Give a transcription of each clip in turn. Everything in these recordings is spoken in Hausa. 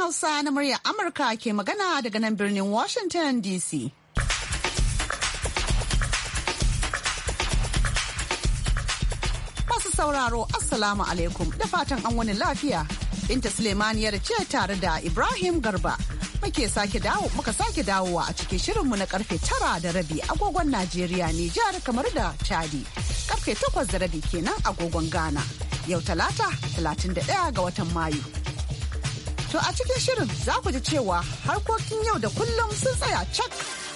Hausa na murya Amurka ke magana daga nan birnin Washington DC. Masu sauraro, Assalamu alaikum da fatan an wani lafiya. Binta Suleimaniyar ce tare da Ibrahim Garba. Muke sake dawo muka sake dawowa a cikin shirinmu na karfe tara da rabi agogon Najeriya ne jihar kamar da Chadi. Karfe takwas da rabi kenan agogon Ghana. Yau talata da ɗaya ga watan Mayu. To a cikin shirin za ku ji cewa harkokin yau da kullum sun tsaya cak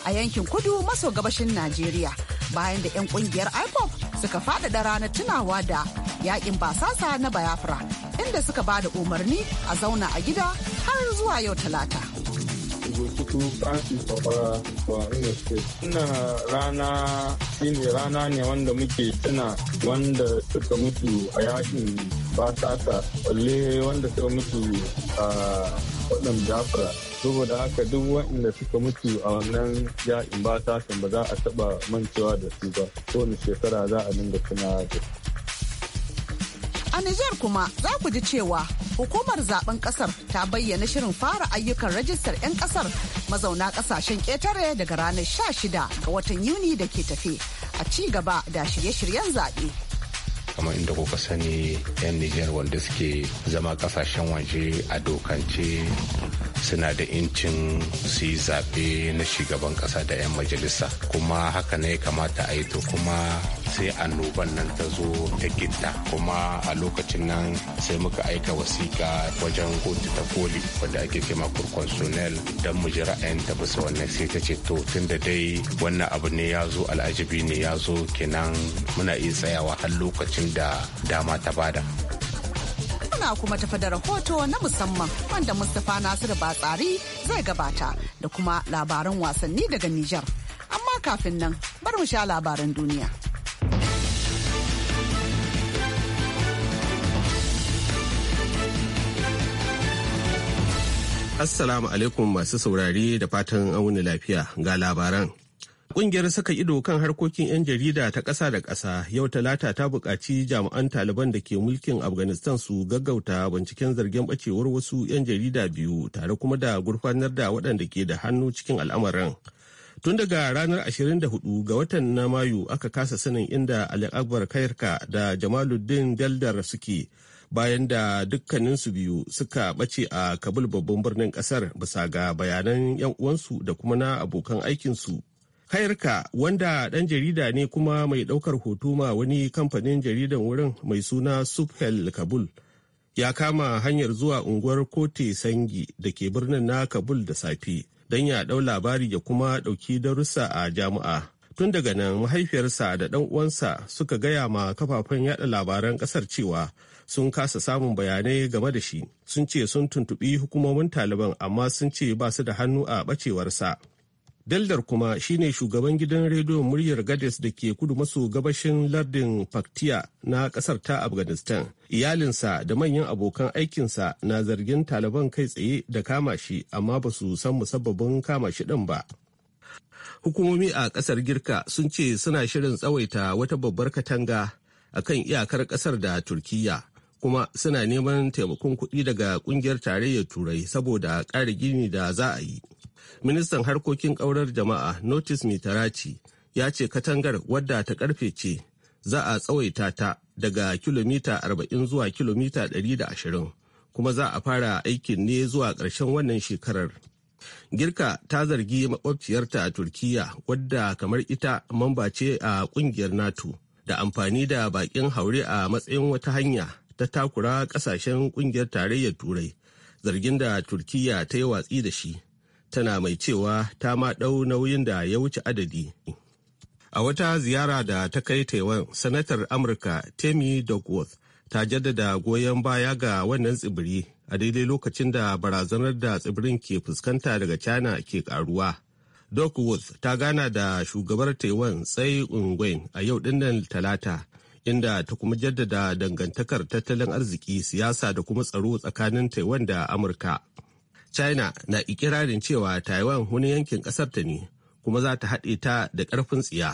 a yankin kudu maso gabashin Najeriya bayan da 'yan kungiyar IPOP suka faɗaɗa ranar tunawa da yakin basasa na Bayafra inda suka ba da umarni a zauna a gida har zuwa yau talata. Ina rana rana ne wanda muke tuna wanda suka mutu a yakin fasasa balle wanda suka mutu a wadan jafra saboda haka duk waɗanda suka mutu a wannan ya'in ba ba za a taba mancewa da su ba kowane shekara za a dinga tuna da su A Nijar kuma za ku ji cewa hukumar zaben kasar ta bayyana shirin fara ayyukan rajistar 'yan kasar mazauna kasashen ƙetare daga ranar 16 ga watan Yuni da ke tafe a ci gaba da shirye-shiryen zaɓe. kamar inda kuka sani 'yan Nijar wanda suke zama kasashen waje a dokance suna da incin su yi zaɓe na shugaban ƙasa da 'yan majalisa kuma haka ne kamata a yi to kuma sai annoban nan ta zo ta gitta kuma a lokacin nan sai muka aika wasiƙa wajen kotu ta koli wanda ake kema kurkonsonel don mu ji ra'ayin ta bisa wannan sai ta ce to tun da dai wannan abu ne ya zo al'ajibi ne ya zo kenan muna iya tsayawa har lokacin lokacin da dama ta bada. Muna kuma tafi da rahoto na musamman wanda Mustapha Nasiru Batsari zai gabata da kuma labaran wasanni daga Nijar. Amma kafin nan bar mu sha labaran duniya. Assalamu alaikum masu saurari da fatan auni lafiya ga labaran. Ƙungiyar saka ido kan harkokin 'yan jarida ta ƙasa da ƙasa yau talata ta buƙaci jami'an taliban da ke mulkin Afghanistan su gaggauta binciken zargin ɓacewar wasu 'yan jarida biyu tare kuma da gurfanar da waɗanda ke da hannu cikin al'amarin. Tun daga ranar 24 ga watan na Mayu aka kasa sanin inda Ali Akbar Kayarka da Jamaluddin Daldar suke bayan da dukkaninsu biyu suka ɓace a Kabul babban birnin ƙasar bisa ga bayanan 'yan uwansu da kuma na abokan aikinsu kayarka wanda dan jarida ne kuma mai daukar hoto ma wani kamfanin jaridan wurin mai suna Subhel Kabul ya kama hanyar zuwa unguwar Kote Sangi da ke birnin na Kabul da safe don ya dau labari ya kuma dauki darussa a jami'a. Tun daga nan mahaifiyarsa da dan uwansa suka gaya ma kafafen yada labaran kasar cewa sun kasa samun bayanai game da shi sun ce sun tuntubi hukumomin taliban amma sun ce ba su da hannu a ɓacewarsa Daldar kuma shine shugaban gidan rediyon muryar Gades da ke kudu maso gabashin lardin Paktiya na kasar ta Afghanistan. Iyalinsa da manyan abokan aikinsa na zargin Taliban kai tsaye da kama shi amma ba su san musabbabin kama shi ɗin ba. Hukumomi a ƙasar Girka sun ce suna shirin tsawaita wata babbar katanga a kan iyakar ƙasar da Turkiyya kuma suna neman taimakon kuɗi daga ƙungiyar tarayyar turai saboda ƙara gini da za a yi ministan harkokin ƙaurar jama'a notis mitaraci ya ce katangar wadda ta ƙarfe ce za a tsawaita ta daga kilomita 40 zuwa kilomita 120 kuma za a fara aikin ne zuwa ƙarshen wannan shekarar girka ta zargi makwabciyarta a turkiya wadda kamar ita mamba ce a ƙungiyar nato da amfani da baƙin haure a matsayin wata hanya ta takura kasashen kungiyar tarayyar turai zargin da turkiya ta yi watsi da shi tana mai cewa ta ma ɗau nauyin da ya wuce adadi a wata ziyara da ta kai taiwan sanatar amurka temi duckworth ta jaddada goyon baya ga wannan tsibiri a daidai lokacin da barazanar da tsibirin ke fuskanta daga china ke karuwa duckworth ta gana da shugabar taiwan tsai ungwen a yau dinnan talata inda ta kuma jaddada dangantakar tattalin arziki siyasa da kuma tsaro tsakanin taiwan da amurka china na ikirarin cewa taiwan wani yankin kasar ta ne kuma za ta haɗe ta da ƙarfin tsiya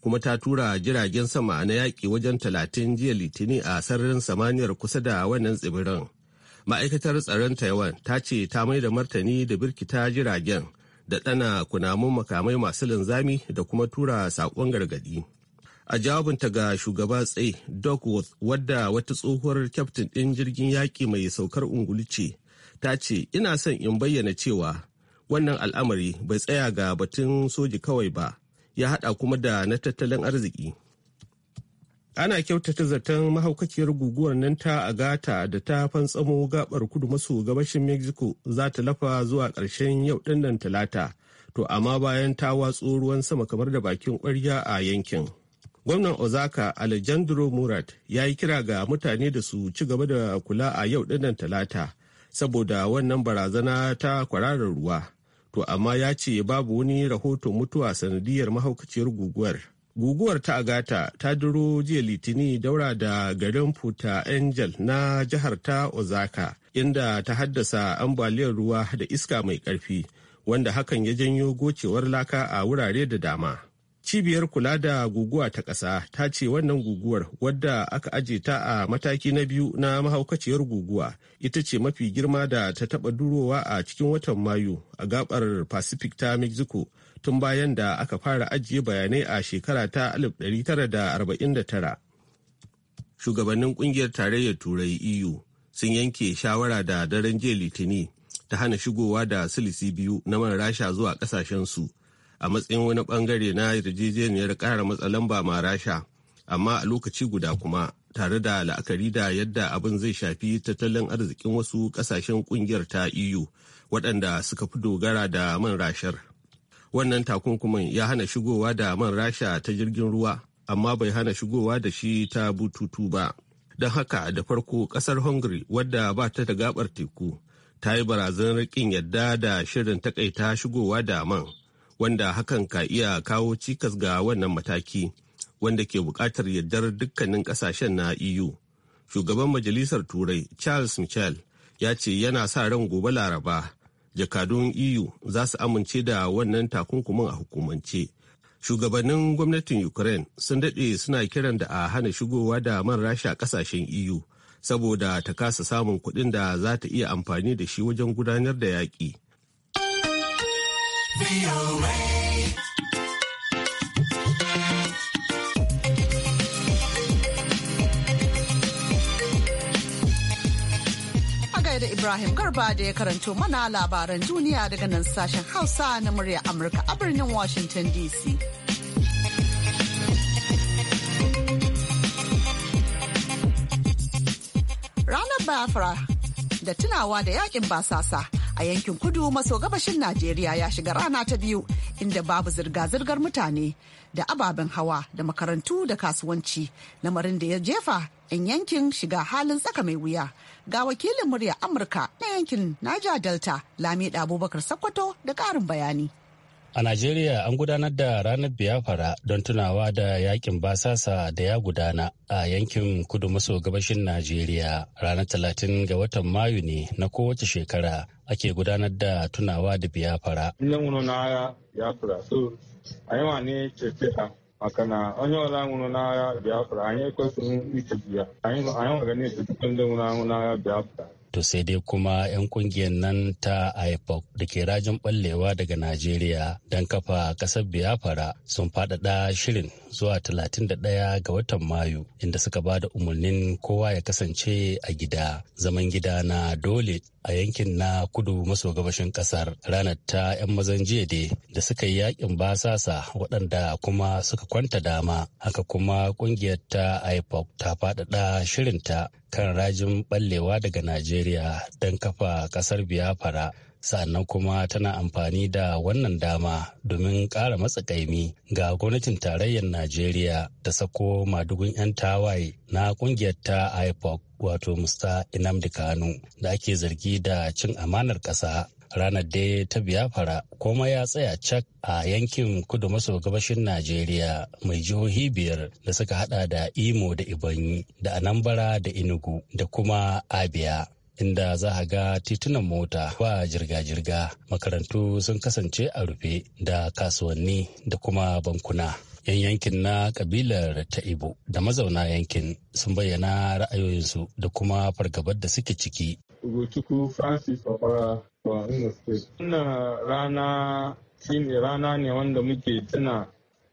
kuma ta tura jiragen sama na yaƙi wajen talatin jiya litini a sararin samaniyar kusa da wannan tsibirin ma'aikatar tsaron taiwan ta ce ta mai da martani da birkita jiragen da tsana kunamun makamai masu linzami da kuma tura saƙon gargaɗi a jawabinta ga shugaba tsaye duckworth wadda wata tsohuwar kyaftin ɗin jirgin yaƙi mai saukar ungulu ce ta ce ina son in bayyana cewa wannan al'amari bai tsaya ga batun soji kawai ba ya haɗa kuma da na tattalin arziki ana kyautata zaton mahaukaciyar guguwar nan ta agata da ta fantsamo gabar kudu maso gabashin mexico za ta lafa zuwa ƙarshen yau ɗinnan talata to amma bayan ta watso ruwan sama kamar da bakin ƙwarya a yankin gwamnan ozaka alejandro murat ya yi kira ga mutane da su ci gaba da kula a yau dinnan talata saboda wannan barazana ta kwararar ruwa to amma ya ce babu wani rahoton mutuwa sanadiyar mahaukaciyar guguwar guguwar ta agata ta duro jiya litini daura da garin puta angel na jihar ta ozaka inda ta haddasa ambaliyar ruwa da iska mai karfi wanda hakan ya janyo gocewar laka a wurare da dama cibiyar kula da guguwa ta ƙasa ta ce wannan guguwar wadda aka aje ta a mataki na biyu na mahaukaciyar guguwa ita ce mafi girma da ta taba durowa a cikin watan mayu a gabar pacific ta mexico tun bayan da aka fara ajiye bayanai a shekara ta 1949 shugabannin kungiyar tarayyar turai eu sun yanke shawara da daren jiya litini ta hana shigowa da silisi biyu na man rasha zuwa kasashensu su a matsayin wani bangare na yarjejeniyar ƙara matsa ba ma rasha amma a lokaci guda kuma tare da la'akari da yadda abin zai shafi tattalin arzikin wasu ƙasashen ƙungiyar ta eu waɗanda suka fi dogara da man rashar wannan takunkumin ya hana shigowa da man rasha ta jirgin ruwa amma bai hana shigowa da shi ta bututu ba don haka da farko ƙasar hungary wadda ba ta da gabar teku ta yi barazanar kin yadda da shirin takaita shigowa da man wanda hakan ka iya kawo cikas ga wannan mataki wanda ke buƙatar yardar dukkanin kasashen na EU. Shugaban Majalisar Turai Charles Michel ya ce yana sa ran gobe Laraba jakadun EU za su amince da wannan takunkumin a hukumance. Shugabannin gwamnatin Ukraine sun daɗe suna kiran da a hana shigowa da man rasha kasashen EU saboda ta kasa samun kuɗin da za ta iya amfani da shi wajen gudanar da yaƙi. da Ibrahim Garba da ya karanto mana labaran duniya daga nan sashen Hausa na murya Amurka a birnin Washington DC. Ranar Biafra da tunawa da yakin basasa a yankin kudu maso gabashin Najeriya ya shiga rana ta biyu inda babu zirga-zirgar mutane da ababen hawa da makarantu da kasuwanci lamarin da ya jefa in yankin shiga halin tsaka mai wuya ga wakilin murya Amurka na yankin Niger Delta Lami Abubakar Sokoto da ƙarin bayani. A Najeriya an gudanar da ranar biyafara don tunawa da yakin basasa da ya gudana a yankin kudu maso gabashin Najeriya. Ranar talatin ga watan Mayu ne na kowace shekara ake gudanar da tunawa da biyafara. wuno na onye ọla nwụrụ n'agha bịafra anyị ekwesịghị ichegbu ya anyị ọganihu ndị nwụrụ na n'agha biyafara. to sai dai kuma 'yan kungiyar nan ta ipoc da ke rajin ɓallewa daga najeriya don kafa ƙasar biafra sun faɗaɗa shirin zuwa 31 ga watan mayu inda suka ba da umarnin kowa ya kasance a gida zaman gida na dole a yankin na kudu maso gabashin kasar ranar ta 'yan mazan jiya da da suka yi yakin basasa waɗanda kuma suka kwanta dama haka kuma kungiyar ta ipop ta faɗaɗa shirinta kan rajin ɓallewa daga najeriya don kafa ƙasar biafra sannan kuma tana amfani da wannan dama domin ƙara matsakaimi ga gwamnatin tarayyar najeriya ta sako madugun 'yan tawaye na ƙungiyar ta ipoc wato musta inamdi kanu da ake zargi da cin amanar ƙasa ranar dai ta biyafara kuma ya tsaya cak a yankin kudu maso gabashin najeriya mai jihohi biyar da suka hada da imo da ibanyi da anambra da inugu da kuma abia inda za a ga titunan mota ba jirga-jirga makarantu sun kasance a rufe da kasuwanni da kuma bankuna. 'yan yankin na kabilar ta ibo da mazauna yankin sun bayyana ra'ayoyinsu da kuma fargabar da suke ciki. Wannan rana shine rana ne wanda muke tuna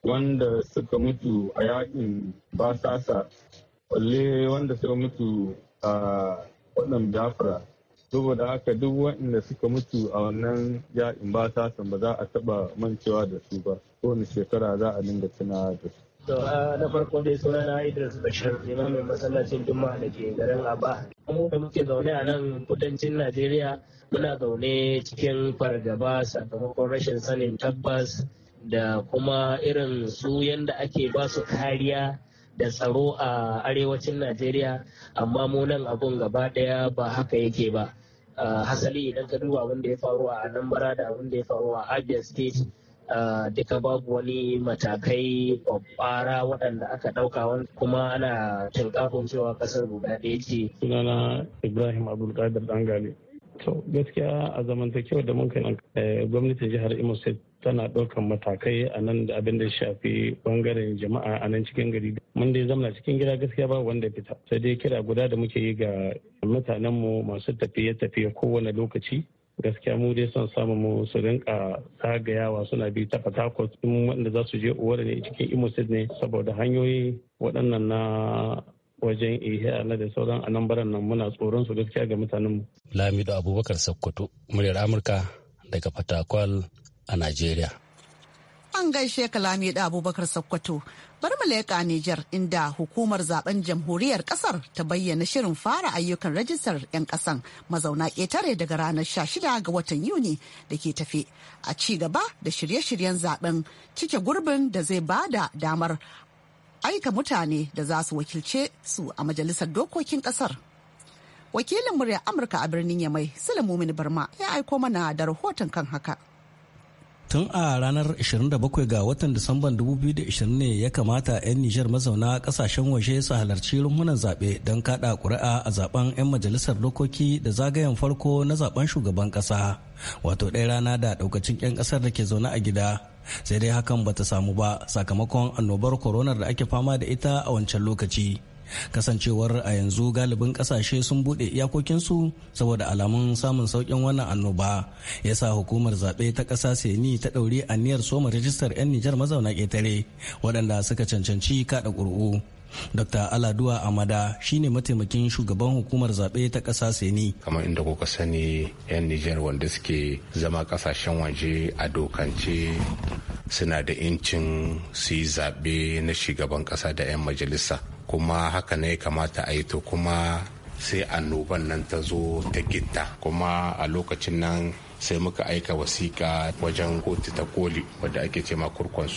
wanda suka mutu a yakin basasa, walle wanda suka mutu a wannan biafra saboda haka duk waɗanda suka mutu a wannan yaƙin ba ta ba za a taɓa mancewa da su ba kowane shekara za a dinga tunawa da su. to na farko dai suna na idris bashir mai masallacin juma'a da ke garin Aba. mu da muke zaune a nan kudancin najeriya muna zaune cikin fargaba sakamakon rashin sanin tabbas da kuma irin su yanda ake ba su kariya da tsaro a arewacin najeriya amma mu nan abun gaba daya ba haka yake ba hasali idan ka duba abin da ya faru a anambra da abin da ya faru a abia state duka babu wani matakai babbara waɗanda aka ɗauka kuma ana tunƙafin cewa ƙasar guda ɗaya ce. sunana ibrahim abdulkadir dangale. to gaskiya a zamantakewa da mun kai eh, gwamnatin jihar imo state tana ɗaukar matakai a nan da abin da shafi bangaren jama'a a nan cikin gari mun dai zamana cikin gida gaskiya ba wanda fita sai dai kira guda da muke yi ga mutanenmu masu tafiye-tafiye kowane lokaci gaskiya mu dai son samu mu su rinka zagayawa suna bi ta fatakot in wanda za su je uwar ne cikin imo ne saboda hanyoyi waɗannan na wajen ihe na da sauran a nan muna tsoron su gaskiya ga mutanen mutanenmu. lamido abubakar sokoto muryar amurka daga fatakwal a Najeriya. An gaishe kalami da Abubakar Sokoto bari mu leƙa Nijar inda hukumar zaben jamhuriyar ƙasar ta bayyana shirin fara ayyukan rajistar 'yan ƙasan mazauna ƙetare daga ranar 16 ga watan Yuni da ke tafe a ci gaba da shirye-shiryen zaben cike gurbin da zai ba da damar aika mutane da za su wakilce su a majalisar dokokin ƙasar. Wakilin murya Amurka a birnin Yamai, Sulemu Barma ya aiko mana da rahoton kan haka. tun a ranar 27 ga watan disamban 2020 ne ya kamata 'yan nijar mazauna kasashen waje su halarci rumunan zaɓe don kaɗa ƙuri'a a zaben 'yan majalisar dokoki da zagayen farko na zaben shugaban ƙasa wato ɗaya rana da ɗaukacin 'yan ƙasar da ke zaune a gida sai dai hakan bata samu ba sakamakon annobar coronar da ake fama da ita a wancan lokaci kasancewar a yanzu galibin kasashe sun bude iyakokinsu saboda alamun samun saukin wannan annoba ya sa hukumar zaɓe ta ƙasa seni ta ɗauri aniyar soma rajistar 'yan nijar mazauna ƙetare waɗanda suka cancanci kaɗa ƙuri'u dr aladuwa amada shine mataimakin shugaban hukumar zaɓe ta ƙasa seni kamar inda kuka sani 'yan nijar wanda suke zama ƙasashen waje a dokance suna da incin su yi zaɓe na shugaban ƙasa da 'yan majalisa kuma haka ne kamata a yi to kuma sai annoban nan ta zo ta gitta kuma a lokacin nan sai muka aika wasiƙa wajen kotu ta koli wadda ake ce ma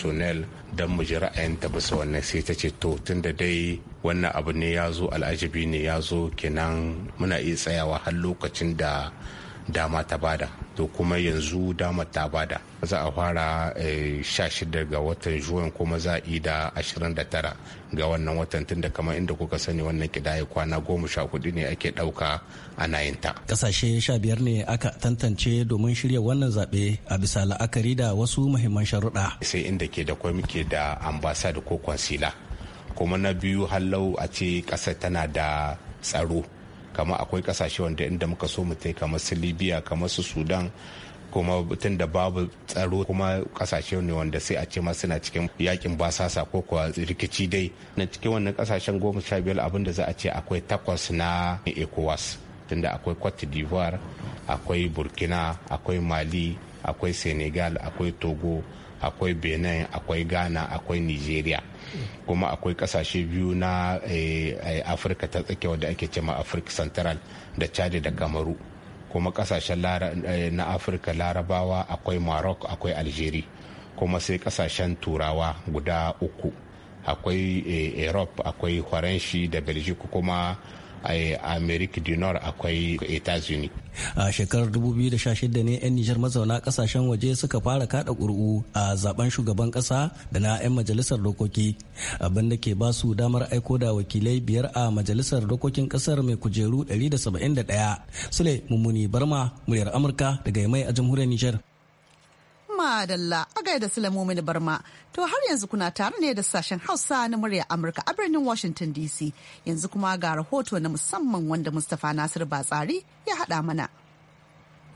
sonel don mu ji ra'ayinta bisa wannan sai ta ce to tun da dai wannan abu ne ya zo al'ajibi ne ya zo kenan muna iya tsayawa har lokacin da dama ta bada to kuma yanzu dama ta bada za a fara 16 eh, ga watan juwan kuma za a yi da 29 ga wannan watan tun da kamar inda kuka sani wannan kidaya kwana goma sha hudu ne ake dauka a yin kasashe sha biyar ne aka tantance domin shirya wannan zaɓe a bisa la'akari da wasu muhimman sharuɗa sai inda ke da kwai muke da ambasad ko kwansila kuma na biyu hallau a ce ƙasa tana da tsaro kama akwai kasashe wanda inda muka so mu tai kamar su libya kamar su sudan kuma tun da babu tsaro kuma kasashe ne wanda sai a ce ma suna cikin yakin basasa ko kuwa rikici dai na cikin wannan kasashen goma sha biyar abin da za a ce akwai takwas na ecowas tunda akwai cote d'ivoire akwai burkina akwai mali akwai senegal akwai togo akwai benin akwai ghana akwai nigeria kuma akwai kasashe biyu na eh, eh, afirka ta tsakiya wadda ake cema afirka central da chad da kamaru kuma kasashen eh, na afirka larabawa akwai maroc akwai algeria kuma sai kasashen turawa guda uku akwai europe akwai faranshi da belgium kuma a america du nord akwai etats-unis a shekarar 2016 ne 'yan nijar mazauna kasashen waje suka fara kada kuri'u a zaben shugaban ƙasa da na 'yan majalisar dokoki abinda ke ba su damar aiko da wakilai biyar a majalisar dokokin ƙasar mai kujeru 171 sule mummuni barma muryar amurka daga mai a jamhuriyar nijar dalla a gaida Sulamomin Barma. To har yanzu kuna tare ne da sashen Hausa na murya Amurka a birnin Washington DC. Yanzu kuma ga rahoto na musamman wanda Mustapha Nasir Batsari ya haɗa mana.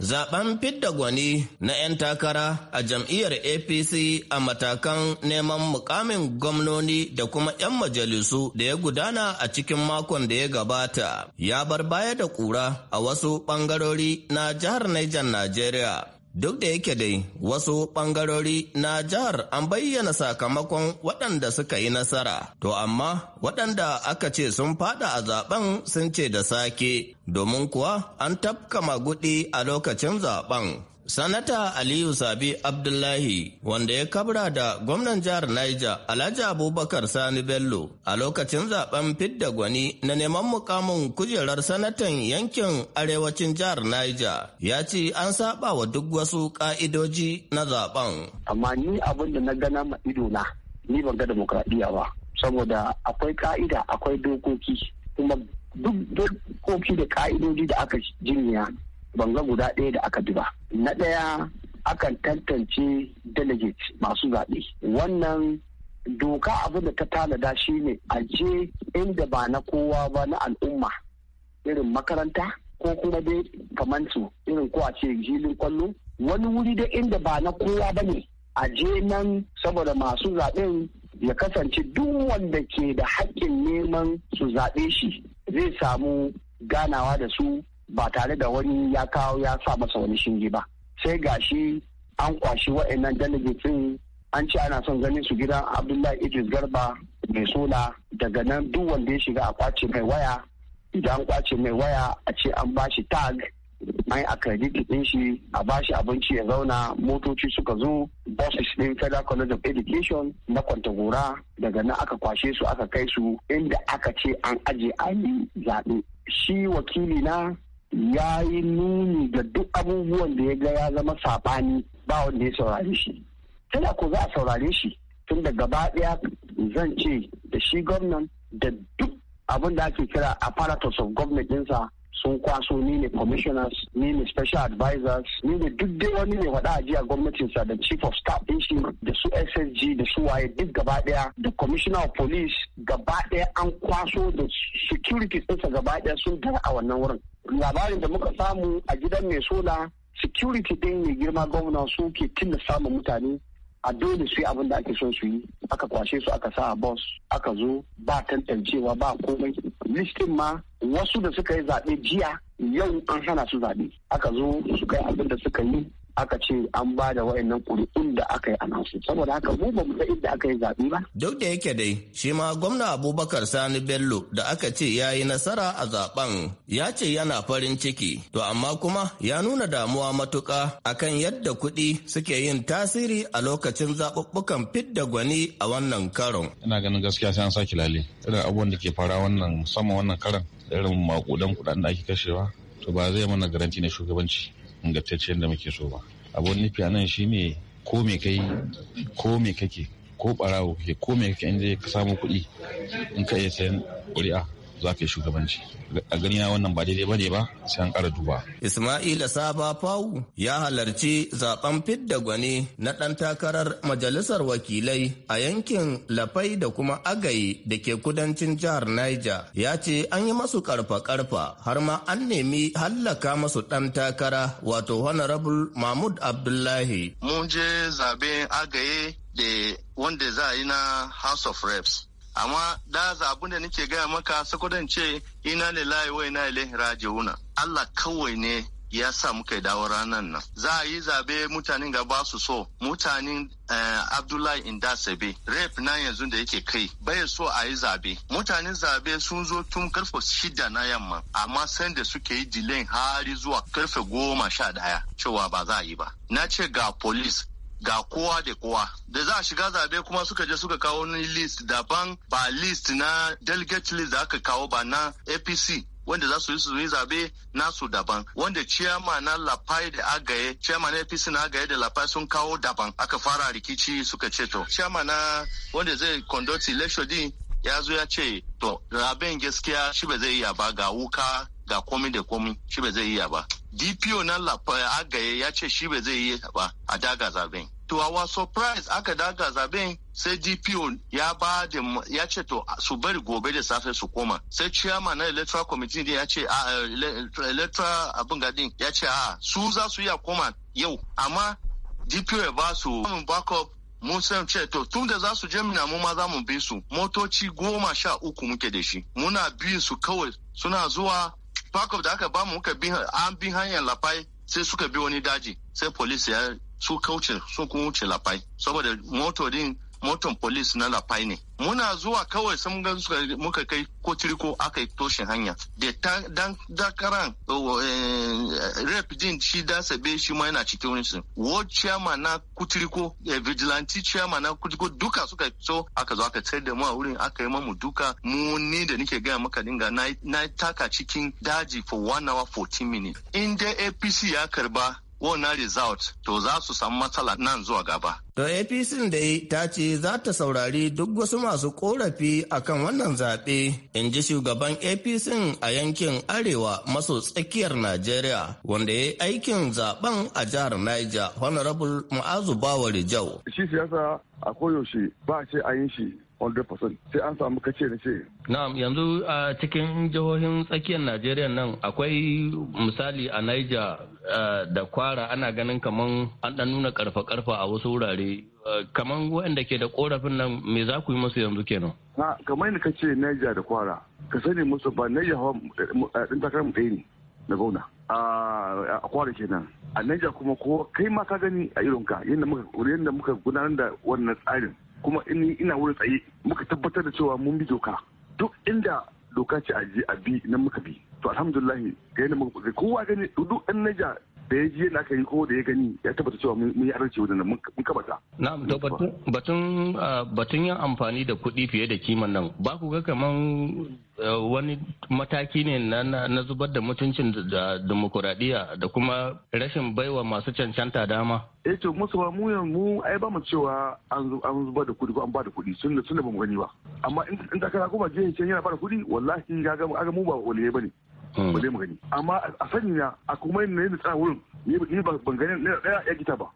Zaben fidda gwani na 'yan takara a jam'iyyar APC a matakan neman mukamin gwamnoni da kuma 'yan majalisu da ya gudana a cikin makon da ya gabata ya bar baya da kura a wasu ɓangarori na jihar Niger Najeriya. Duk da yake dai wasu ɓangarori na jihar an bayyana sakamakon waɗanda suka yi nasara, to amma waɗanda aka ce sun faɗa a zaben sun ce da sake, domin kuwa an tafka magudi a lokacin zaben. Sanata Aliyu Sabi Abdullahi wanda ya kabra da gwamnan jihar Niger Alhaji Abubakar Sani Bello a lokacin zaben fidda gwani na neman mukamin kujerar sanatan yankin arewacin jihar Niger ya ce an saba wa duk wasu ka'idoji na zaben. Amma ni abin da na gana ma idona ni ban ga demokradiyya ba saboda akwai ka'ida akwai dokoki kuma duk dokoki da ka'idoji da aka jinya ban ga guda ɗaya da aka duba na ɗaya akan tantance delegate masu zaɓe wannan doka abin da ta tanada ne. a je inda ba na kowa ba na al'umma irin makaranta ko kuma dai kamantu irin ko a ce jilin kwallo wani wuri da inda ba na kowa ba ne a je nan saboda masu zaɓen ya kasance duk wanda ke da haƙƙin neman su zaɓe shi zai samu ganawa da su ba tare da wani ya kawo ya sa masa wani shinge ba sai gashi an kwashi wa'annan delegates an ce ana son ganin su gidan abdullahi idris garba mai sola daga nan duk wanda ya shiga a kwace mai waya idan an kwace mai waya a ce an bashi tag an accredited din shi a bashi abinci ya zauna motoci suka zo bosses din federal college of education na kwantagora daga nan aka kwashe su aka kai su inda aka ce an ajiye ainihin zaɓe shi wakili na ya yi nuni da duk abubuwan da ya ga ya zama saɓani ba wanda ya saurare shi tana ko za a saurare shi tun da gaba ɗaya zan ce da shi gwamnan da duk abin da ake kira apparatus of government ɗinsa sun kwaso ni ne commissioners ni ne special advisers ni ne duk dai wani ne wada aji a gwamnatinsa da chief of staff din shi da su ssg da su waye duk gaba da commissioner of police gaba an kwaso da security ɗinsa gaba sun tara a wannan wurin labarin da muka samu a gidan mai sola security ɗin mai girma gwamna su ke samun mutane a dole sai abin da ake son su yi aka kwashe su aka sa a bus aka zo ba tantancewa ba komai listin ma wasu da suka yi zaɓe jiya yau an hana su zaɓe aka zo su kai abin da suka yi aka ce an ba da wa'annan ƙuri'un da aka yi a nasu saboda haka mu ba mu san inda aka yi zaɓe ba. duk da yake dai shi ma gwamna abubakar sani bello da aka ce ya yi nasara a zaben ya ce yana farin ciki to amma kuma ya nuna damuwa matuƙa akan yadda kuɗi suke yin tasiri a lokacin zaɓuɓɓukan fidda gwani a wannan karon. ina ganin gaskiya sai an sake lale irin abubuwan da ke fara wannan musamman wannan karon irin maƙudan kuɗaɗen da ake kashewa to ba zai mana garanti na shugabanci ingantacciyar da muke so ba abun nufi anan shine ko me kai ko me kake ko barawo ko me kake inda ka samu kuɗi in ka iya sayan ƙuri'a za ka yi shugabanci a gani na wannan ba daidai bane ba sai an ƙara duba Ismaila Saba Fawu ya halarci zaben fidda gwani na ɗan takarar majalisar wakilai a yankin Lafai da kuma Agayi da ke kudancin jihar Niger ya ce an yi masu karfa-karfa har ma an nemi hallaka masu ɗan takara wato Honorable Mahmud Abdullahi. Mun je zaben Agaye da wanda za yi na House of Reps. amma da za abin da nake gaya maka sakudan ce ina lillahi wa ina ilaihi raji'una Allah kawai ne ya sa muka yi dawo ranar nan za a yi zabe mutanen ga su so mutanen uh, abdullahi indasabe rep na yanzu da yake kai bai so a yi zabe mutanen zabe sun zo tun karfe shida na yamma amma sanda suke yi dilen hari zuwa karfe goma sha daya cewa ba za a yi ba na ce ga polis ga kowa da kowa da za a shiga zabe kuma suka je suka kawo ni list daban ba list na delegate list da aka kawo ba na apc wanda za su yi su yi zabe nasu daban wanda ciyama na lapai da agaye ciyama na apc na agaye da lapai sun kawo daban aka fara rikici suka ce to ciyama na wanda zai conduct election din ya zo ya ce to zaben gaskiya shi ba zai iya ba ga wuka ga komi da komi shi ba zai iya ba dpo na agaye ya ce shi ba zai iya ba a daga zaben to wa surprise aka daga zaben sai dpo ya ba da ya ce to su bari gobe da safe su koma sai chairman na electoral committee din ya ce a electoral abin gadin ya ce a su za su iya koma yau amma dpo ya ba su backup mun san ce to tun da za su je mina mu ma za mu bi su motoci goma sha uku muke da shi muna bi su kawai suna zuwa backup da aka ba mu muka bi an bi hanyar lafai sai suka bi wani daji sai police ya su kauce sun kuma wuce lafai saboda moto din motan police na lafai ne muna zuwa kawai sun ga muka kai ko ciriko aka yi hanya da dan dakaran oh, eh, rep din shi da sabe shi ma yana cikin su ward chairman na kutiriko eh, vigilante chairman na kutiriko duka suka so aka zo aka tsayar da mu a wurin aka yi mamu duka mu ni da nike gaya maka dinga na taka cikin daji for one hour 14 minutes in da apc ya karba wannan result to za su samu matsala nan zuwa gaba. To APC dai ta ce za ta saurari duk wasu masu korafi akan wannan zaɓe, in ji shugaban APC a yankin Arewa maso tsakiyar Najeriya wanda ya yi aikin zaɓen a jihar Niger, Honorable Mu'azu Bawari Jau. Shi siyasa a koyaushe ba ce a yin shi 100% sai an samu kace na ce na'am yanzu a cikin jihohin tsakiyar najeriya nan akwai misali a niger eh, da kwara ana ganin kaman an dan nuna karfa-karfa a wasu wurare eh, kaman waɗanda ke da korafin nan me za ku yi musu yanzu kenan kamar yadda kace niger da kwara ka sani musu ba niger eh, ɗin takarar mu ɗaya ne na gona a kwara kenan a Niger kuma ko kai ma ka gani a irinka yadda muka gudanar da wannan tsarin kuma in ina wuri tsaye muka tabbatar da cewa mun bi doka duk inda doka ce a bi nan muka bi to alhamdulillah ga yana muka kowa gani duk ɗan naja da ya ji yadda aka yi ko da ya gani ya tabbata cewa mun yi adalci wajen mun kabata. Na'am to batun batun yin amfani da kuɗi fiye da kiman nan ba ku ga kaman wani mataki ne na zubar da mutuncin da demokuraɗiyya da kuma rashin baiwa masu cancanta dama. Eh to musu ba mu yanzu ai ba mu cewa an zubar da kuɗi ko an ba da kuɗi sun da ba mu gani ba. Amma in takara kuma jiya yana ba da kuɗi wallahi ga mu ba waliyai ba ne. Hmm. ba zai mu gani amma a sani na a kuma yin ne tsaya wurin ni ba ban gani ne ya gita ba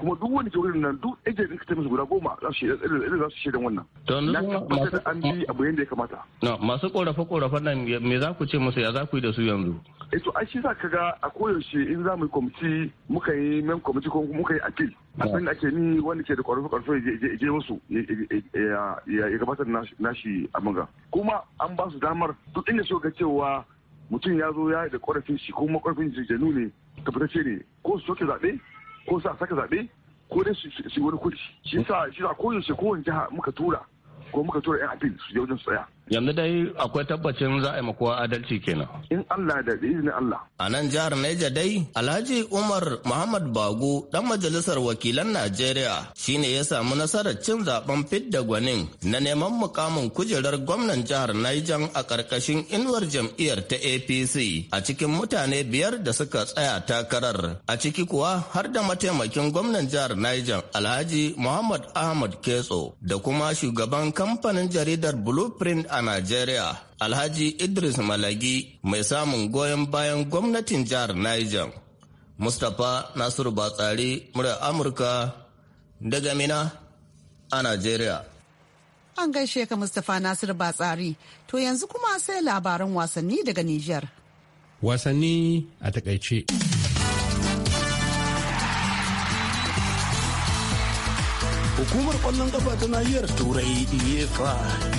kuma duk wani ke wurin nan duk ejen in ka tafi guda goma za su za su shaidan wannan ya tabbatar da an bi hmm. abu yadda ya kamata masu korafe korafen nan me za ku ce musu ya za ku yi da su yanzu eh to ai shi za ka ga a koyaushe in za mu yi kwamiti muka yi men kwamiti ko muka yi appeal abin da ake ni wani ke da ƙwarfi ƙwarfi ya je musu ya gabatar nashi a manga kuma an ba su damar duk inda suka ga cewa mutum ya zo ya da korafin shi ko makorafin janu ne tabbatacce ne ko su soke zaɓe ko su saka zaɓe ko dai su wani kudi shi sa shi sa koyaushe kowane jiha muka tura ko muka tura yan apil su je wajen su tsaya yanzu dai akwai tabbacin za a yi adalci kenan in Allah da izinin Allah a nan jihar Neja dai Alhaji Umar Muhammad Bago ɗan majalisar wakilan Najeriya shine ya samu nasarar cin zaben fidda gwanin na neman mukamin kujerar gwamnan jihar Niger a karkashin inuwar jam'iyyar ta APC a cikin mutane biyar da suka tsaya takarar a ciki kuwa har da mataimakin gwamnan jihar Niger Alhaji Muhammad Ahmad Keso, da kuma shugaban kamfanin jaridar Blueprint a Najeriya, Alhaji Idris Malagi mai samun goyon bayan gwamnatin jihar Niger. Mustapha Nasiru Batsari murar Amurka daga Mina a Najeriya. An gaishe ka Mustapha Nasiru Batsari, to yanzu kuma sai labaran wasanni daga Nijar. Wasanni a takaice. Hukumar kwallon kafa ta nahiyar Turai UEFA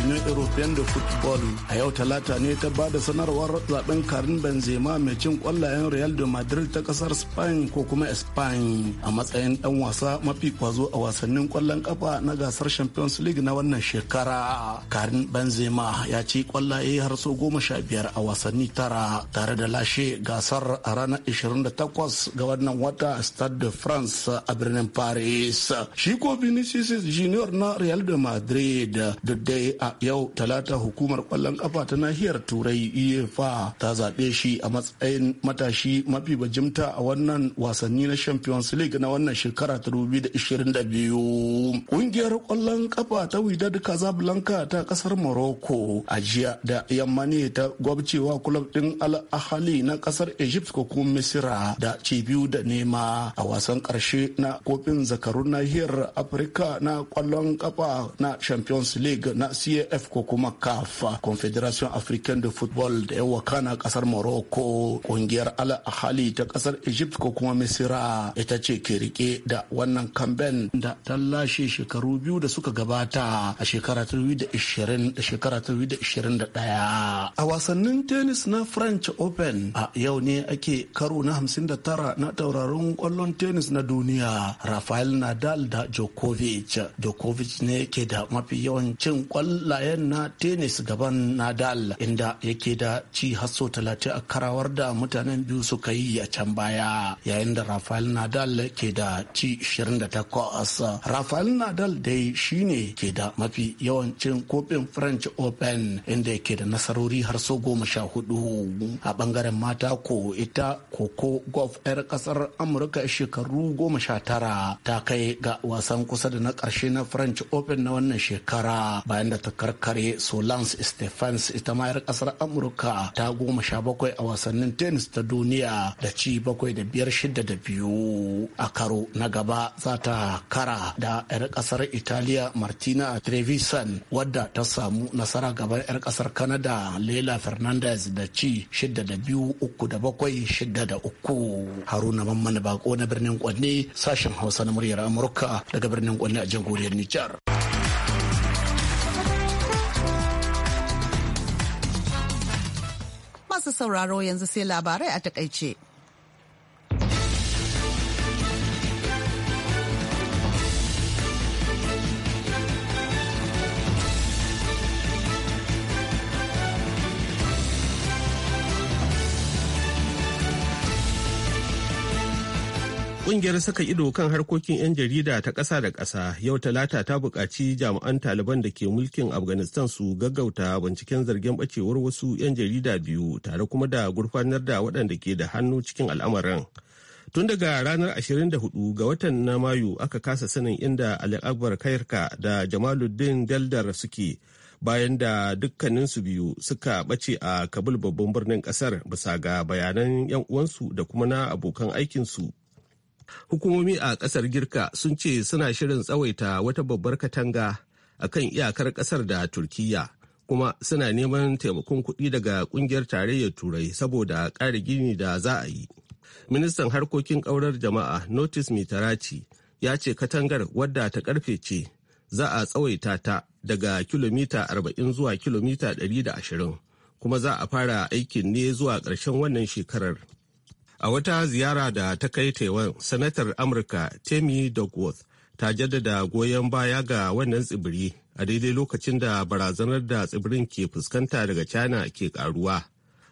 Union European de Football a yau talata ne ta ba da sanarwar zaben Karim Benzema mai cin kwallayen Real de Madrid ta kasar Spain ko kuma Spain a matsayin dan wasa mafi kwazo a wasannin kwallon kafa na gasar Champions League na wannan shekara. Karim Benzema ya ci kwallaye har so goma sha biyar a wasanni tara tare da lashe gasar a ranar 28 ga wannan wata Stade de France a birnin Paris. Shi ko Vinicius Francis junior na real de madrid da dai a yau talata hukumar kwallon kafa ta nahiyar turai uefa ta zaɓe shi a matsayin matashi mafi bajimta a wannan wasanni na champions league na wannan shekara ta 2022 kungiyar kwallon kafa ta widad casablanca ta kasar morocco a jiya da yamma ne ta gwabcewa kulob din al ahali na kasar egypt ko kuma misira da cibiyu da nema a wasan karshe na kofin zakarun nahiyar afirka na kwallon kafa na champions league na caf ko kuma caf confederation african de football da yawa kana kasar morocco kungiyar ala ahali ta kasar egypt ko kuma misira ita ce ke rike da wannan campaign da ta lashe shekaru biyu da suka gabata a shekara 2020 da shekara 2021 a wasannin tennis na french open a yau ne ake karo na 59 na tauraron kwallon tennis na duniya rafael nadal da jokovic Beach Djokovic ne ke da mafi yawan cin kwallayen na tennis gaban Nadal inda yake da ci haso talatin a karawar da mutanen biyu suka yi a can baya yayin da Rafael Nadal ke da ci 28. Rafael Nadal dai shine ke da mafi yawan cin kofin French Open inda yake da nasarori har so goma sha hudu a bangaren mata ko ita koko golf 'yar kasar Amurka shekaru goma sha tara ta kai ga wasan kusa da na ƙarshe na French Open na wannan shekara bayan da ta karkare Solans Stephens ita ma 'yar ƙasar Amurka ta goma sha bakwai a wasannin tennis ta duniya da ci bakwai da biyar shida da biyu a karo na gaba za ta kara da 'yar ƙasar Italiya Martina Trevisan wadda ta samu nasara gaban 'yar ƙasar Canada Leila Fernandez da ci shida da biyu uku da bakwai shida da uku Haruna Mamman Bako na birnin Kwanne sashen Hausa na muryar Amurka daga birnin Kwanne a jamhuriyar Nijar. Masu sauraro yanzu sai labarai a takaice. Ƙungiyar saka ido kan harkokin 'yan jarida ta ƙasa da ƙasa yau talata ta buƙaci jami'an taliban da ke mulkin Afghanistan su gaggauta binciken zargin ɓacewar wasu 'yan jarida biyu tare kuma da gurfanar da waɗanda ke da hannu cikin al'amarin. Tun daga ranar 24 ga watan na Mayu aka kasa sanin inda Ali Akbar Kayarka da Jamaluddin Daldar suke bayan da dukkaninsu biyu suka bace a Kabul babban birnin ƙasar bisa ga bayanan 'yan uwansu da kuma na abokan aikinsu Hukumomi a ƙasar Girka sun ce suna shirin tsawaita wata babbar katanga a kan iyakar ƙasar da Turkiyya. kuma suna neman taimakon kuɗi daga ƙungiyar tarayyar turai saboda ƙara gini da za a yi. Ministan harkokin ƙaurar jama'a Notis Mitaraci ya ce katangar wadda ta ƙarfe ce za a tsawaita ta daga kilomita 40 zuwa kilomita 120 kuma za a fara aikin ne zuwa ƙarshen wannan shekarar. A wata ziyara da ta kai Taiwan, Sanatar Amurka Tammy Duckworth ta jaddada goyon baya ga wannan tsibiri a daidai lokacin da barazanar da tsibirin ke fuskanta daga China ke karuwa.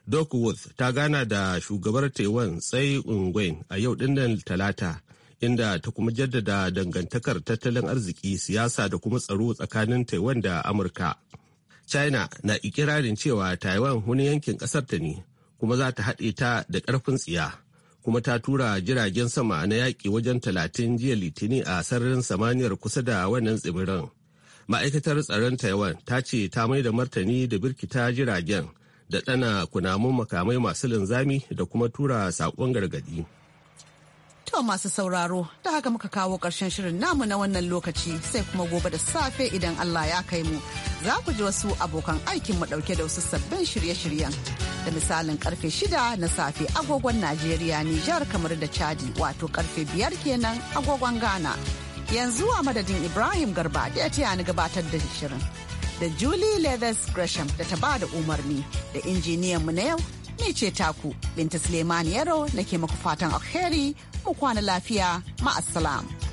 Duckworth ta gana da shugabar Taiwan Tsai Ungwen a yau dinnan Talata, inda ta kuma jaddada dangantakar tattalin arziki, siyasa da kuma tsaro tsakanin Taiwan da Amurka. China na ikirarin cewa Taiwan wani yankin ta ne. kuma za ta haɗe ta da ƙarfin tsiya kuma ta tura jiragen sama na yaƙi wajen talatin jiya litini a sararin samaniyar kusa da wannan tsibirin ma'aikatar tsaron taiwan ta ce ta mai da martani da birkita jiragen da tsana kunamun makamai masu linzami da kuma tura saƙon gargaɗi To masu sauraro, da haka muka kawo ƙarshen shirin namu na wannan lokaci sai kuma gobe da safe idan Allah ya kai mu. Za ku ji wasu abokan aikin mu ɗauke da wasu sabbin shirye-shiryen. Da misalin karfe shida na safe agogon Najeriya, ne Nijar kamar da Chadi wato karfe biyar kenan agogon Ghana. Yanzu a madadin Ibrahim Garba da ya taya ni gabatar da shirin. Da Julie Leathers Gresham da ta ba da umarni da injiniyan mu na yau Ni ce taku Binta Suleiman Yaro nake muku fatan alheri mu kwana lafiya ma'assalam.